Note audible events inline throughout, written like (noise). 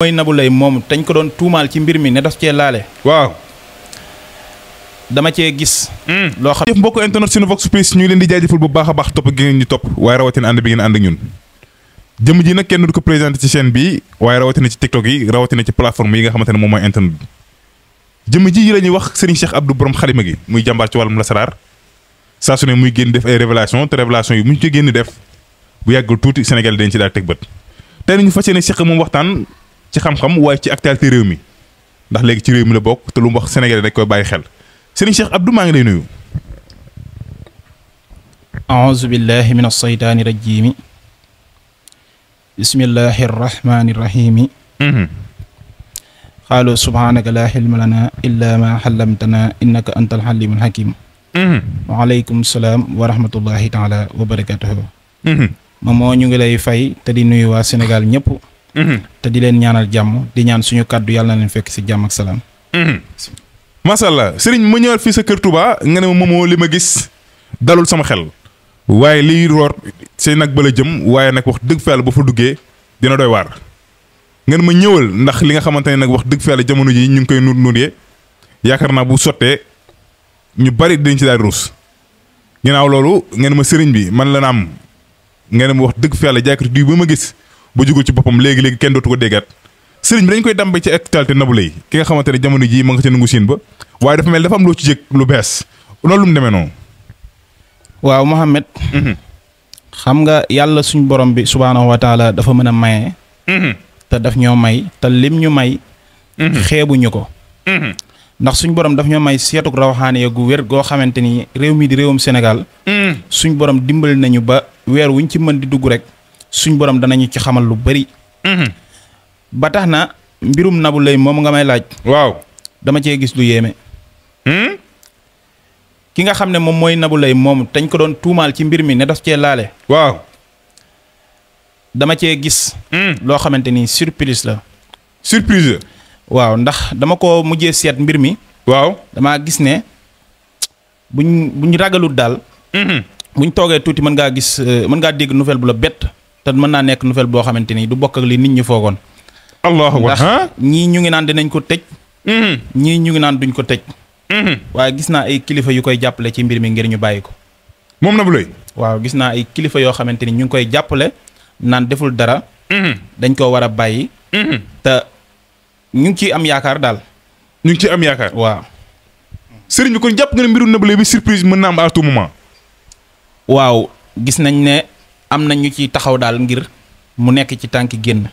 moy Nabou Leye moom dañ ko don tuumaal ci mbir mi ne daf ci lalé waw dama ci gis. Hmm. lo xam def jëf mbokk internet vox space ñu leen di jajeful bu baaxa baax top gi ñu top way rawatina and bi ngeen and ñun. jëm ji nak kenn du ko présenter ci chaîne bi way rawatina ci TikTok yi rawatina ci plateforme yi nga xamantene mom moy internet bi. jëm ji yi la wax Serigne Cheikh Abdou borom khalima gi muy jambar ci walum la sarar sa suné muy genn def ay révélation te révélation yu mu ci genn def bu yagul touti Sénégal dañ ci da teg bët tey nañu fas Cheikh mom waxtan ci xam-xam waaye ci actualité réew mi ndax léegi ci réew mi la bokk te lu mu wax Sénégalais dañ koy bàyyi xel Serigne Cheikh Abdou maa ngi lay nuyu. أعوذ بالله من الشيطان الرجيم بسم الله الرحمن الرحيم قالوا سبحانك لا حلم لنا إلا ما علمتنا إنك أنت الحليم الحكيم وعليكم السلام ورحمة الله تعالى وبركاته moom moo ñu ngi lay fay te di nuyu waa Sénégal ñëpp Mm-hmm. te di leen ñaanal jàmm di ñaan suñu kaddu yàlla na leen fekk si jàmm ak salaam. Mm-hmm. macha allah sëriñ ma ñëwal fii sa kër Touba nga ne ma li gis dalul sama xel waaye liy roor si nag bala jëm waaye nag wax dëgg fayal bu fa duggee dina doy waar. ne ma ñëwal ndax li nga xamante ne nag wax dëgg fayal jamono ji ñu ngi koy nuur nuuree yaakaar naa bu sottee ñu bari dañ ci daal ruus ginnaaw loolu ngeen ma sëriñ bi man la na am ngeen ma wax dëgg fa diw ma gis bu jugul ci bopam legui legui kenn dootu ko déggaat sëriñ bi dañ koy dàmbe ci actualité Nabou Leye ki nga xamantene jamono ji ma nga ci nangu siin ba waaye dafa mel dafa am lo ci jek lu bes lolou mu demé non waaw mohammed mhm. xam nga yalla suñ borom bi subhanahu wa taala dafa meuna maye mhm. ta daf ñoo may ta lim ñu may mhm. xébu ñuko ndax suñ borom daf ñoo may seetuk rawhani gu wër go xamanteni ni réew mi di réewum Sénégal suñ borom dimbal nañu ba wër wuñ ci mën di dugg rek suñ borom danañu ci xamal lu bëri. Mhm. ba taxna mbirum nabu lay mom nga may laaj. waaw dama cey gis lu hmm ki nga xamne mom moy nabu lay mom tañ ko don tuumaal ci mbir mi ne daf ci laalé waaw dama cey gis. hmm lo xamanteni surprise la. surprise. waaw ndax dama ko mujjé seet mbir mi. waaw dama gis ne buñ buñ ragalut hmm buñ togué tuuti man nga gis euh, man nga dégg nouvelle bu la bête te mën naa nekk nouvelle boo xamante ni du bokk ak li nit ñi foogoon. allahu ndax ñii ñu ngi naan dinañ ko tëj. Mm-hmm. ñii ñu ngi naan duñ ko tëj. Mm-hmm. waaye gis naa ay kilifa yu koy jàppale ci mbir mi ngir ñu bàyyi ko. moom na bu waaw gis naa ay kilifa yoo xamante ni ñu ngi koy jàppale naan deful dara. Mm-hmm. dañ koo war a bàyyi. te ñu ngi ciy am yaakaar daal. ñu ngi ciy am yaakaar. waaw. sëriñ bi kon jàpp nga ne mbiru Nabou bi surprise mën na am à waaw gis nañ ne. am na ñu ci taxaw daal ngir mu nekk ci tànk génn.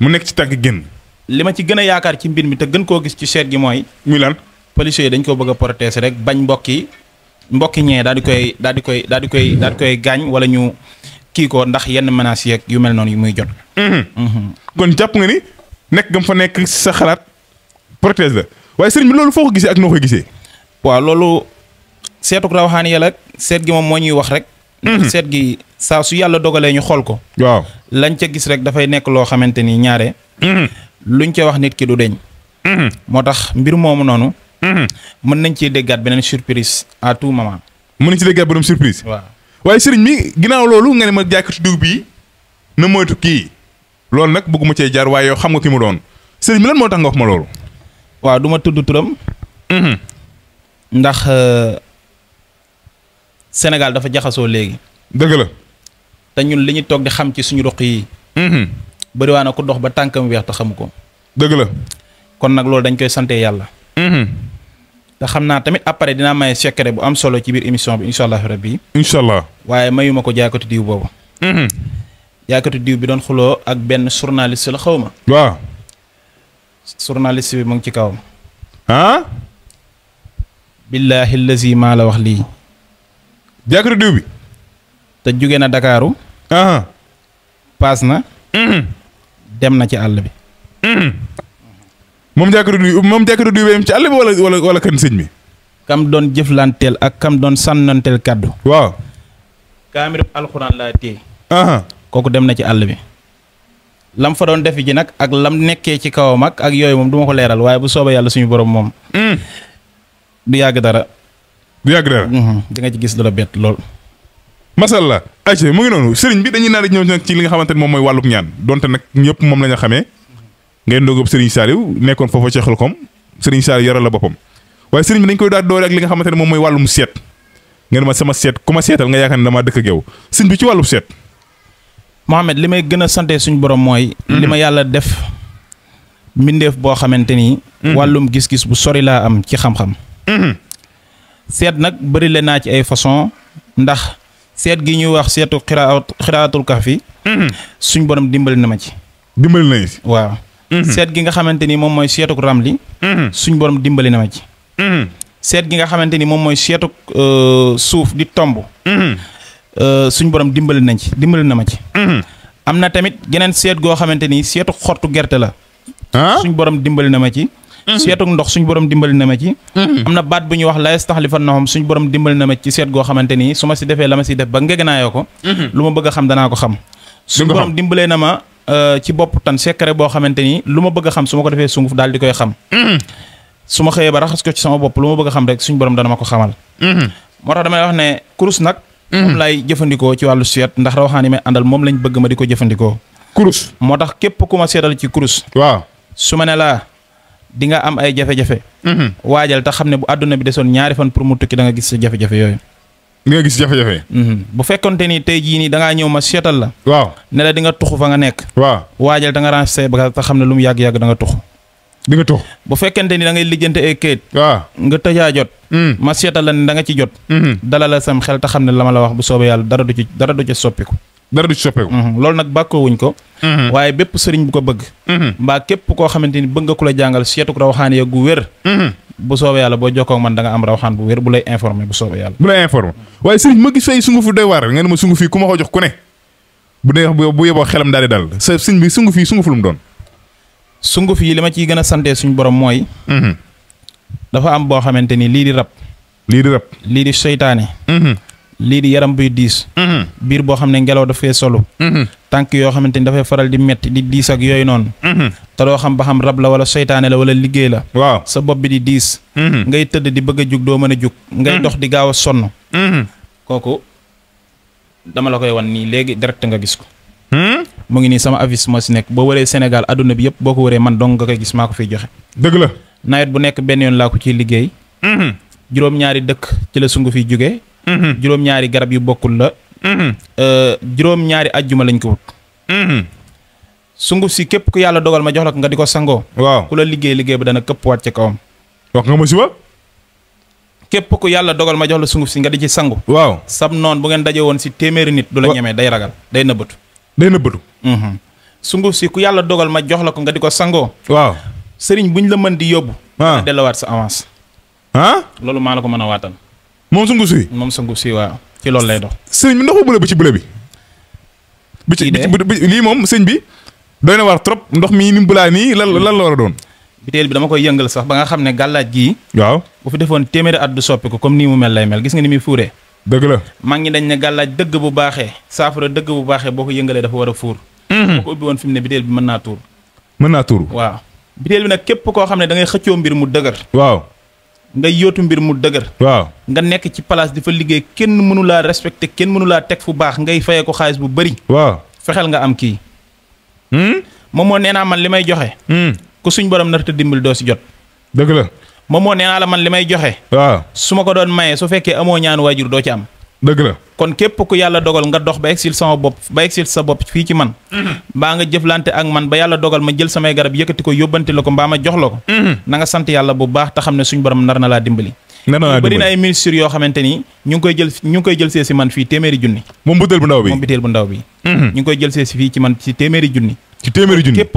mu nekk ci tànk génn. li ma ci gën yaakaar ci mbir mi te gën koo gis ci seet gi mooy. muy lan policiers dañ koo bëgg a protéger rek bañ mbokk yi mbokk ñee daal di koy daal di koy daal di koy daal koy gaañ wala ñu kii ko ndax yenn menaces yu mel noonu yu muy jot. Mhm. Mhm. kon jàpp nga ni nekk nga fa nekk sa xalaat protéger la waaye sëriñ bi loolu foo ko gisee ak noo koy gisee. waaw loolu seetu rawaxaan yàlla seet gi moom moo ñuy wax rek. ndax mhm. seet gi saa su yàlla dogalee ñu xool ko. waaw lañ ca gis rek dafay nekk loo xamante ni ñaare. Mhm. luñ ca wax nit ki du deñ mhm. moo tax mbir moomu noonu. mën nañ ciy déggaat beneen surprise à tout moment. mën nañ ci déggaat beneen surprise. waaw waaye sëriñ bi ginnaaw loolu nga ne ma jàkkatu dugub yi na moytu kii loolu nag bëgguma cee jaar waaye yow xam nga ki mu doon sëriñ mi lan moo tax nga wax ma loolu. waaw du ma tudd turam. ndax euh, Sénégal dafa jaxasoo léegi. dëgg la. te ñun li ñu toog di xam ci suñu roq yi. Mhm. bëriwaa na ku dox ba tànkam weex te xamu ko. dëgg la. kon nag loolu dañ koy sante yàlla. Mhm. te xam naa tamit après dinaa may secret bu am solo ci biir émission bi incha allah rabbi. incha allah waaye mayuma ko jaaykatu diw boobu. Mhm. jaaykatu diw bi doon xuloo ak benn journaliste la xaw ma. waaw. journaliste bi mu ngi ci kawam. ah. billaahi lazi maa la wax lii. jàkkatu diw bi. te jóge na ndakaaru paas na. Mhm. dem na ci àll bi. Mhm. moom jàkkatu diw moom jàkkatu diw bi ci àll bi wala wala wala kan sëñ bi. kam doon jëflanteel ak kam doon sànnanteel kàddu. waaw. kaamir alxuraan laa téye. kooku dem na ci àll bi. lam fa doon def ji nag ak lam nekkee ci kawam ak ak yooyu moom duma ko leeral waaye bu soobee yàlla suñu boroom moom. Mhm. du yàgg dara. du yàgg dara. Mhm. di nga ci gis lu la bett lool. masalla ayca mu ngi noonu sëriñ bi dañuy naan ñëw nag ci li nga xamante ne moom mooy wàllub ñaan donte nag ñëpp moom la xamee ngeen doog sëriñ Saliou nekkoon foofa ci Xelkom sëriñ Saliou yaral la boppam waaye sëriñ dañ koy daal doore li nga xamante ne moom mooy seet ngeen ma sama seet ku ma nga yaakaar ne damaa dëkk ak yow sëriñ bi ci wàllum seet. li may gën a sante suñu borom mooy. Mhm. li ma yàlla def mbindeef boo xamante ni. Mhm. wàllum gis-gis bu sori laa am ci xam-xam. set nak bëri le naa ci ay façon ndax set gi ñu wax setu xiraa xiraatul kahfi mhm. suñ borom dimbal na ma ci dimbal na ci waaw mhm. set gi nga xamanteni mom moy setu ramli mhm. suñ borom dimbal na ma ci set gi nga xamanteni mom moy setu seetuk euh, suuf di euh suñ borom dimbal na ci dimbal na ma ci amna tamit geneen set go xamanteni setu xortu gerte la ah? suñ borom dimbal na ma ci Mhm. seetuk ndox suñu borom dimbali na ma ci mhm. amna na baat bu wax la yastaxlifannahum suñu borom dimbali na ma ci set go xamanteni suma ci defé lama ci def ba ngegnaayoo ko mhm. lu ma bëgg xam dana ko xam suñu borom dimbalé na ma euh, ci bop tan secret bo xamanteni luma bëgg xam suma ko defé sunguf dal di koy xam suma xeye ba raxas ko ci sama bop luma bëgg xam rek suñu borom dana ma ko xamal motax wax ne kurus nak. mom lay jëfëndiko ci walu set ndax rawaxaan me andal mom lañ bëgg ma di ko kurus motax tax képp ku ci kurus waaw suma ne di nga am ay jafe-jafe. Mhm. waajal te xam ne bu àdduna bi desoon ñaari fan pour mu tukki da nga gis sa jafe-jafe yooyu. di nga gis jafe-jafe. Mhm. bu fekkonte ni tey jii nii da ñëw ma seetal la. waaw ne la di nga tuxu fa nga nekk. waaw waajal da nga range say bagaas te xam ne lu mu yàgg-yàgg da nga tuxu. di tux bu fekkente ni da ngay lijjante ay kayit. waaw nga tëjaa jot. Mhm. ma seetal la ne danga nga ci jot. dalal la sam xel te xam ne la ma la wax bu soobee yàlla dara du ci dara du ci soppiku. dara du ci nak mhm. loolu nag bàkkoowuñ ko. Mhm. waaye bépp sëriñ bu ko bëgg. Mhm. mbaa képp koo xamante ni bëgg nga ku la jàngal seetu rawxaan ya gu wér. bu soobee yàlla boo jokkoo man da nga am rawxaan bu wér bu lay informé bu soobee yàlla. bu lay informé waaye sëriñ ma gis fay sungu fi doy waar nga ma sungu ko jox ku ne. bu bu xelam daal dal sëriñ bi sungu fii sungu fu mu doon. sungu fii li ma ciy gën a borom mooy. dafa am boo xamante ni di di di li di yaram bu diis. Mhm. bir boo xam ne ngelaw fay solo. Mhm. tank yo xamanteni da fay faral di metti di diis ak yooyu noonu. Mhm. ta do xam ba xam rab la wala seytaane la wala liggéey la. waaw sa bob bi di diis. ngay teud di bëgg juk do doo juk jug. ngay dox di sonno a sonn. kooku dama la koy wan ni direct nga gis ko. mo hmm? ngi ni sama avis mo ci nek Senegal, adu Sénégal aduna bi yépp boko wéré man dong nga koy gis mako ko joxé deug la nayet bu nek ben yon la ko juroom ñaari dekk ci la sungu fi juggé Mhm. juroom ñaari garab yu bokul la mhm. euh, juroom ñaari aljuma lañ ko wut mhm. sungu si kep ko yalla dogal ma jox la nga diko sango waaw ku la liggey liggey ba dana kep wat ci kawam wax nga ma si ba kep ko yalla dogal ma jox la sungu si nga di ci sango waaw sam non bu ngeen dajewon si téeméeri nit dula la day ragal day nëbbatu day hmm sungu si ku yalla dogal ma jox la nga diko sango waaw serigne buñ la mën di yobbu ah. delawat sa avance han ah? lolu ma la ko mëna watal mom sungu si. mom sungu si wa ci lol lay dox. sëñ bi ndox bu ci bële bi. bi ci li mom moom bi doyna war trop ndox mi ni mu bulaa nii lan lan la wara don bitel bi dama koy yëngal sax ba nga galaj gi waw bu fi at du soppi ko comme ni mu mel lay mel gis nga ni mi fouré deug la mag ñi dañ ne galaj deug bu baxé saafara deug bu baxé boko ko dafa wara four mhm. ko ubi won fi bitel bi mën tour tuur. tour waw bitel bi nak képp ko da ngay xëccio mbir mu deugar waw nga yóotu mbir mu dëgër. waaw nga nekk ci place di fa liggéey kenn mënu laa respecté kenn mënu teg fu baax ngay fayee ko xaalis bu bëri. waaw fexeel nga am kii. Hmm? moom moo nee naa man li may joxe. Hmm. ku suñ borom nar te dimbali doo si jot. dëgg la moo nee naa la man li may joxe. waaw su ma ko doon maye su fekkee amoo ñaan waajur doo ci am. dëgg la kon képp ku yàlla dogal nga dox ba exil sama bopp ba exil sa bopp fii ci man mhm. mbaa nga jëflante ak man ba yàlla dogal ma jël samay garab yëkkati ko yóbbante la ko mbaa ma jox la ko mhm. na nga sant yàlla bu baax te xam ne suñu borom nar na laa dimbali bëri na ay ministres yoo xamante ni ñu ngi koy jël si man fii téeméeri junni moom butéel bu ndaw bi moom butéel bu ndaw bi mhm. ñu ngi koy jël si fii ci man si téeméeri junni ci téeméeri junni képp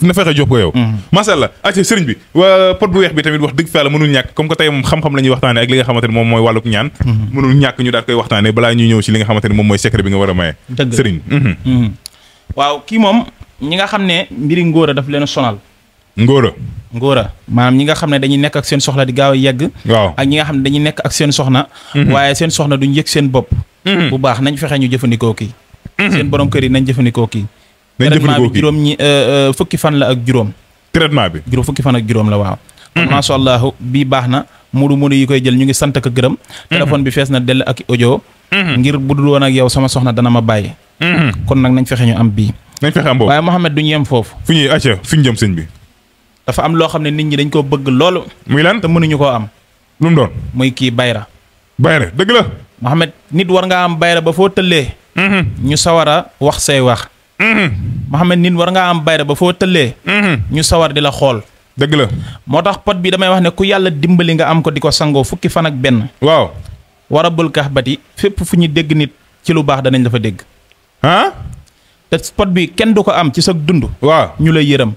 na fexé jox ko yow mm-hmm. ma sha Allah acca sëriñ bi waa pot bu wex bi tamit wax deug fa la mënul ñak comme ko tay mom xam-xam lañuy waxtane ak li nga xamanteni mom moy mooy wàlluk ñaan mm-hmm. mënul ñak ñu daal koy waxtane bala ñuy ñew ci li nga xamanteni mom moy secret bi nga war a maye sëriñ mm-hmm. waaw ki mom ñi nga xamne mbiri ngora daf leen sonal ngora ngora manam ñi nga xamne dañuy nekk ak seen soxla di gaaw yegg ak ñi nga xamne dañuy nekk ak seen soxna waye seen soxna duñ yek seen bop bu baax nañ fexé ñu jëfëndiko ki seen borom kër yi nañ jëfëndiko ki nañ jëfandikoo kii juróom ñi euh, euh, fukki fan la ak juróom. traitement bi juróom fukki fan ak juróom la waaw. Mm-hmm. macha allah bii baax na mu mudu yi koy jël ñu ngi sant ak gërëm. Mm-hmm. bi fees na dell ak audio. Mm-hmm. ngir budul woon ak yow sama soxna dana ma bàyyi. kon nag nañ fexe ñu am bii. nañ fexe am boobu waaye Mouhamed du ñu yem foofu. fu ñuy acca fi ñu jëm sëñ bi. dafa am loo xam ne nit ñi dañ koo bëgg loolu. muy lan te mënuñu koo am. lu mu doon muy kii bayra. bayra dëgg la. Mouhamed nit war ngaa am bayra ba foo tëllee. ñu sawar a wax say wax. Mohamed nin war nga am bayra ba fo mhm. ñu sawar di la xol deug la motax pot bi damay wax ne ku yalla dimbali nga am ko di sango fukki fan ak ben waaw warabul kahbati bati fuñu deg nit ci lu bax dañ la fa deg ah te pot bi ken duko am ci sa dund waaw ñu lay yeeram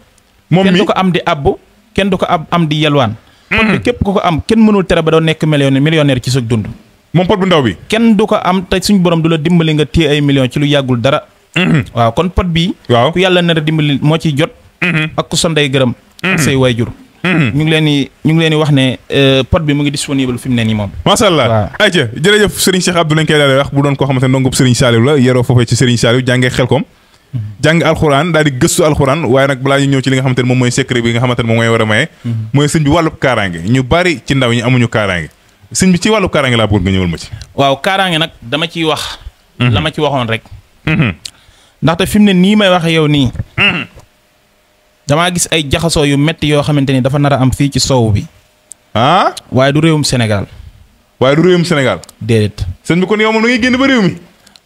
mom mi duko am di abbu Ken duko am am di yelwan pot bi mhm. képp ku ko am kenn mënul téré ba do nek million millionnaire ci sa dund mom pot bu ndaw bi kenn duko am te suñu borom du la dimbali nga téye ay million ci lu yagul dara (clears throat) waaw kon pot bi waaw ku yàlla nar a dimbali moo jot mm-hmm. ak ku sonday gërëm mm-hmm. say mm-hmm. ñu ngi leen di ñu ngi leen wax ne euh, pot bi mu ngi disponible fi mu ne nii moom macha allah ayca jërëjëf Serigne Cheikh Abdou lañ koy daal wax bu doon koo xamante ne Serigne Saliou la yeroo foofee ci Serigne Saliou jàngee xelkom jàng alxuraan daal di gëstu alxuraan waaye nag balaa ñu ñëw ci li nga xamante ne moom mooy secret bi nga xamante ne moom mooy war a maye mooy sëñ bi wàllub kaaraange ñu bari ci ndaw ñi amuñu kaaraange sëñ bi ci wàllub kaaraange laa bëggoon nga ñëwal ma ci waaw kaaraange nag dama ciy wax la ci waxoon rek ndaxte fi mu ne nii may waxe yow nii mm-hmm. dama gis ay jaxasoo yu metti yoo xamante ni dafa nar a am fii ci soow bi. ah waaye du réewum Sénégal. waaye du réewum Sénégal. déedéet. sëñ bi kon yow moom da génn ba réew mi.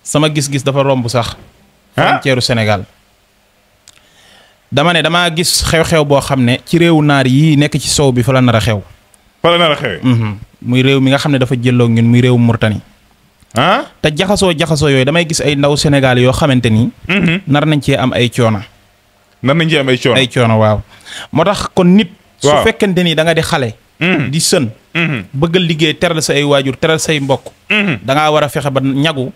sama gis-gis dafa romb sax. Ah? frontière Sénégal. dama ne damaa gis xew-xew boo xam ne ci réewu naar yii nekk ci soow bi fa la nar a xew. fa la nar a xew. Mm-hmm. muy réew mi nga xam ne dafa jëlloog ñun muy réewum Murtani. ah te jaxasoo jaxasoo yooyu damay gis ay ndaw Sénégal yoo xamante ni. Mhm. nar nañ cee am ay coono. nar nañ cee am ay ay coono waaw. moo tax kon nit. su fekkente ni da nga di xale. Mhm. di sën. Mhm. bëggal liggéey teral sa ay waajur teral say mbokk. da war a fexe ba ñagu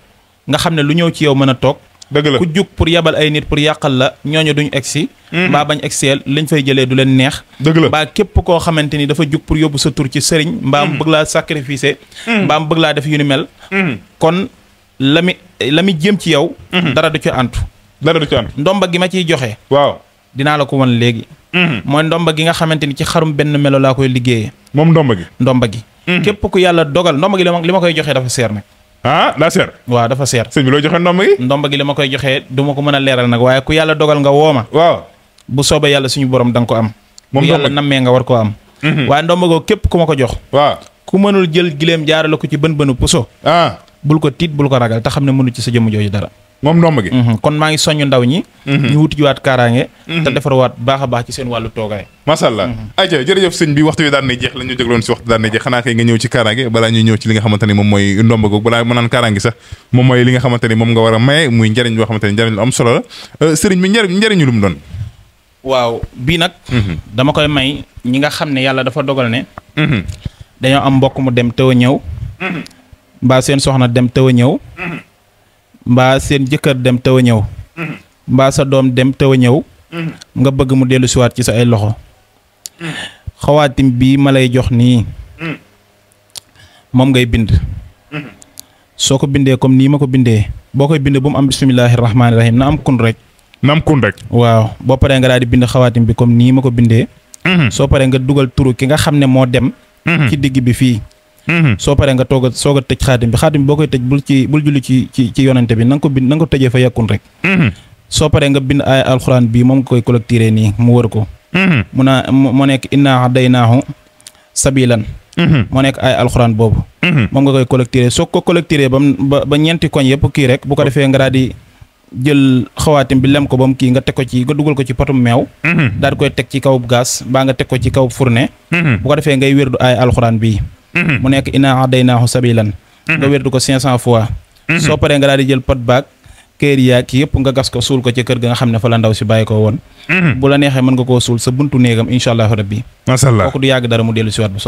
nga xam ne lu ñëw ci yow mën a toog. dëgg la ku jug pour yabal ay nit pour yàqal la ñooñu duñu egsi. mbaa bañ egseel liñ fay jëlee du leen neex. dëgg la mbaa képp koo xamante ni dafa jug pour yóbbu sa tur ci sëriñ. mbaa mu bëgg laa sacrifice. mbaa mu bëgg laa def yu mel. Mm-hmm. kon la mi la mi jëm ci yow. Mm-hmm. dara du ci ant dara du ci ndomba gi ma ciy joxe. waaw dinaa la ko won léegi. Mm-hmm. mooy ndomba gi nga xamante ni ci xarum benn melo laa koy liggéeye moom ndomba gi. ndomba gi. képp ku yàlla dogal ndomba gi li ma koy joxe dafa seer nag. ah daa seer. waaw dafa seer. joxe ndomba gi. gi li ma koy joxe du ma ko mën a leeral nag waaye ku yàlla dogal nga woo ma. waaw bu soobee yàlla suñu borom da nga ko am. moom ku yàlla nammee nga war koo am. waaye ndomba googu képp ku ma ko jox. waaw ku mënul jël gileem jaarale ko ci bën bënu puso. ah bul ko tiit bul ko ragal te xam ne mënu ci sa jëmm jooju dara. moom ndomb gi. Mhm. kon maa ngi soññu ndaw ñi. Mhm. ñu wuti jiwaat kaaraange. Mhm. te defarwaat baax a ci seen wàllu toogaay. macha allah. ayca jërëjëf la ñu jëgloon si ma naan kaaraange sax a la euh, sëriñ bi njëriñ doon. waaw bii nag. dama koy may ñi nga xam ne yàlla dafa dogal ne. dañoo am mbokk mu dem tëw a ñëw mhm. mbaa seen soxna dem tëw a ñëw mhm. mbaa seen jëkkër dem tëw a ñëw mhm. mbaa sa doom dem tëw a ñëw nga bëgg mu dellu siwaat ci sa ay loxo xawaatim bii ma lay jox nii moom ngay bind soo ko bindee comme nii ma ko bindee boo koy bind bu mu am bismillaahi rahmaani rahim na am kun rek na am kun rek waaw boo paree nga daal di bind xawaatim bi comme nii ma ko bindee soo paree nga dugal turu ki nga xam ne moo dem Mm-hmm. ci digg bi fii mm-hmm. soo paree nga toog a soog a tëj xaatim bi xaatim bi boo koy tëj bul julli ci yonente bi na nga ko bind na nga ko tëjee fa yàkkun rek mm-hmm. soo paree nga bind aaya alxuraan bii moom nga koy collecté nii mu wër ko mu naa mu nekk innaa hadaynaahu sabilan moo nekk ay alxuraan boobu moom nga koy collecté soo ko collecté ba ba ñeenti koñ yëpp kii rek bu ko oh. nga daal di jël xawaatim bi lem ko ba mu kii nga teg ko ci nga dugal ko ci potum meew mhm. daal di koy teg ci kawub gaz mbaa nga teg ko ci kawub fourne mhm. bu ko defee ngay wérdu aay alxuraan bii mhm. mu nekk inaa adaynaahu sabilan nga wérdu ko soo paree nga daal di jël pot baag kër yaa ki yëpp nga gas ko suul ko ci kër ga nga xam ne fa la ndaw si bàyyi ko woon bu la neexee mën nga koo suul sa buntu néegam incha allahu rabbi macha allah kooku du yàgg dara mu dellu si waat bu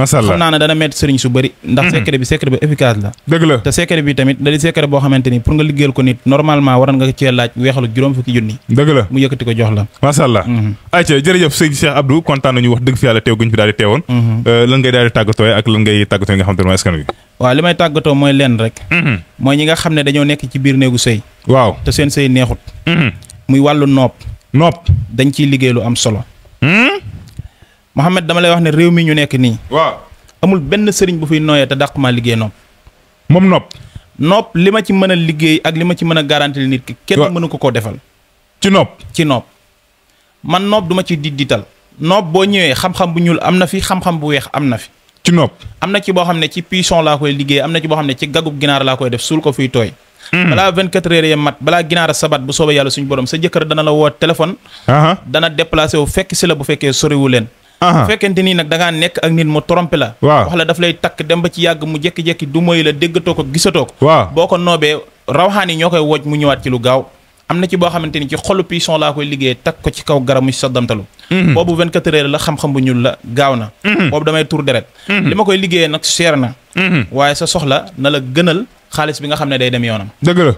macha allah xam naa ne dana métti sëriñ su bëri ndax secret bi secret bi efficace la dëgg la te secret bi tamit da di boo xamante ni pour nga liggéeyal ko nit normalement waroon nga cee laaj weexalu juróom fukki junni dëgg la mu yëkkati ko jox la macha allah mm-hmm. ayca jërëjëf sëñ Cheikh Abdou kontaan nañu wax dëgg fi yàlla teew guñ fi daal di teewoon mm-hmm. euh, lan ngay daal di tàggatoo ak lan ngay tàggatoo nga xam te ne mooy askan wi waaw li may tàggatoo mooy lenn Mouhamed dama lay wax ne réew mi ñu nekk nii. waaw amul benn sëriñ bu fiy nooyee te dàq liggéey nopp. moom nopp. nopp li ma ci mën a liggéey ak li ma ci mën a garantir nit ki. kenn mënu ko koo defal. ci nopp ci nopp. man nopp du ma ci diddital. nopp boo ñëwee xam-xam bu ñuul am na fi xam-xam bu weex am na fi. ci nopp am na ci boo xam ne ci pisson laa koy liggéey am na ci boo xam ne ci gagub ginaar laa koy def suul ko fiy tooy. Hmm. balaa 24 heures ya mat balaa ginaara sabat bu soobee yàlla suñu borom sa jëkkër dana la woo téléphone. dana déplacé wu fekk si la bu fekkee soriwu leen. bu fekkente nii nag da ngaa nekk ak nit mu trompé la waaw wax la daf lay takk dem ba ci yàgg mu jékki-jékki du moy la déggatoo ko gisatoo ko waaw boo ko noobee rawxaan yi ñoo koy woj mu ñëwaat ci lu gaaw am na ci boo xamante ni ci xolu poisson laa koy liggéey takk ko ci kaw garab mu soddamtalu mhm. boobu 24 heures la xam-xam la gaaw na mhm. boobu damay tur deret mhm. li ma koy liggéeyee nag seer na waaye sa soxla na la gënal xaalis bi nga xam ne day dem yoonam dëgg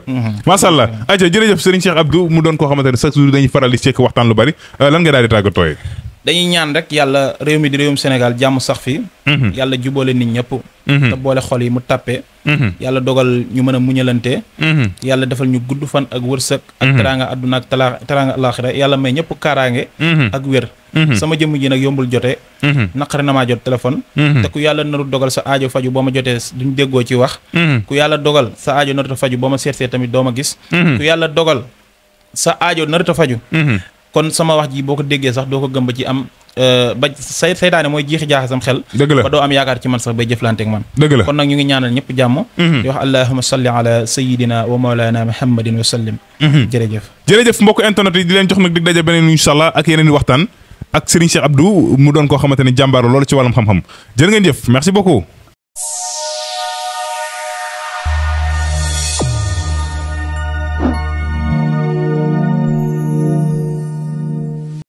dañuy ñaan rek yàlla réew mi di réewum Sénégal jàmm sax fii mhm. yàlla jubóole nit ñëpp mhm. te boole xol yi mu tàppe mhm. yàlla dogal ñu mën a muñalante yàlla defal ñu gudd fan ak wërsëg ak teraanga àdduna ak talaa teraanga alaaxira yàlla may ñëpp kaaraange ak wér sama jëmm ji nag yombul jotee naqari na maa jot téléphone te ku yàlla naru dogal sa aajo faju boo ma jotee duñ déggoo ci wax ku yàlla dogal sa aajo naruta faju boo ma seetsee tamit doo ma gis ku yàlla dogal sa aajo narata faju kon sama wax ji boo ko déggee sax doo ko gëm ba ci am euh, ba say saytaane mooy jiixi jaaxa sam xel dëgg la doo am yaakaar ci man sax bay jëflante ak man dëgg la kon nag ñu ngi ñaanal ñëpp jàmm mhm. di wax allahuma salli ala sayidina wa mawlana muhammadin wa sallim mhm. jërëjëf jërëjëf mbokk internet yi di leen jox nag dig daje beneen incha allah ak yeneen waxtaan ak Serigne Cheikh Abdou mu doon koo xamante ne jàmbaaro loolu ci wàllum xam-xam jërë ngeen jëf merci beaucoup